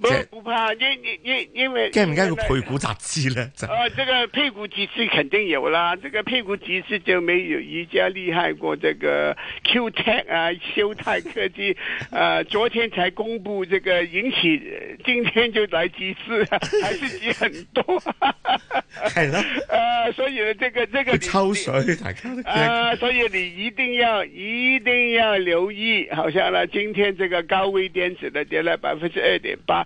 不不怕因因因因為驚唔該個配股集資咧？哦，這個配股集資肯定有啦，這個配股集資就沒有一家厲害過。這個 QTech 啊， 修泰科技，啊、呃，昨天才公布這個引起，今天就來集資、啊，還是集很多。係咯，呃所以呢、這個，這個這個抽水，大家，誒，所以你一定要一定要留意，好像呢，今天這個高偉電子呢跌了百分之二點八。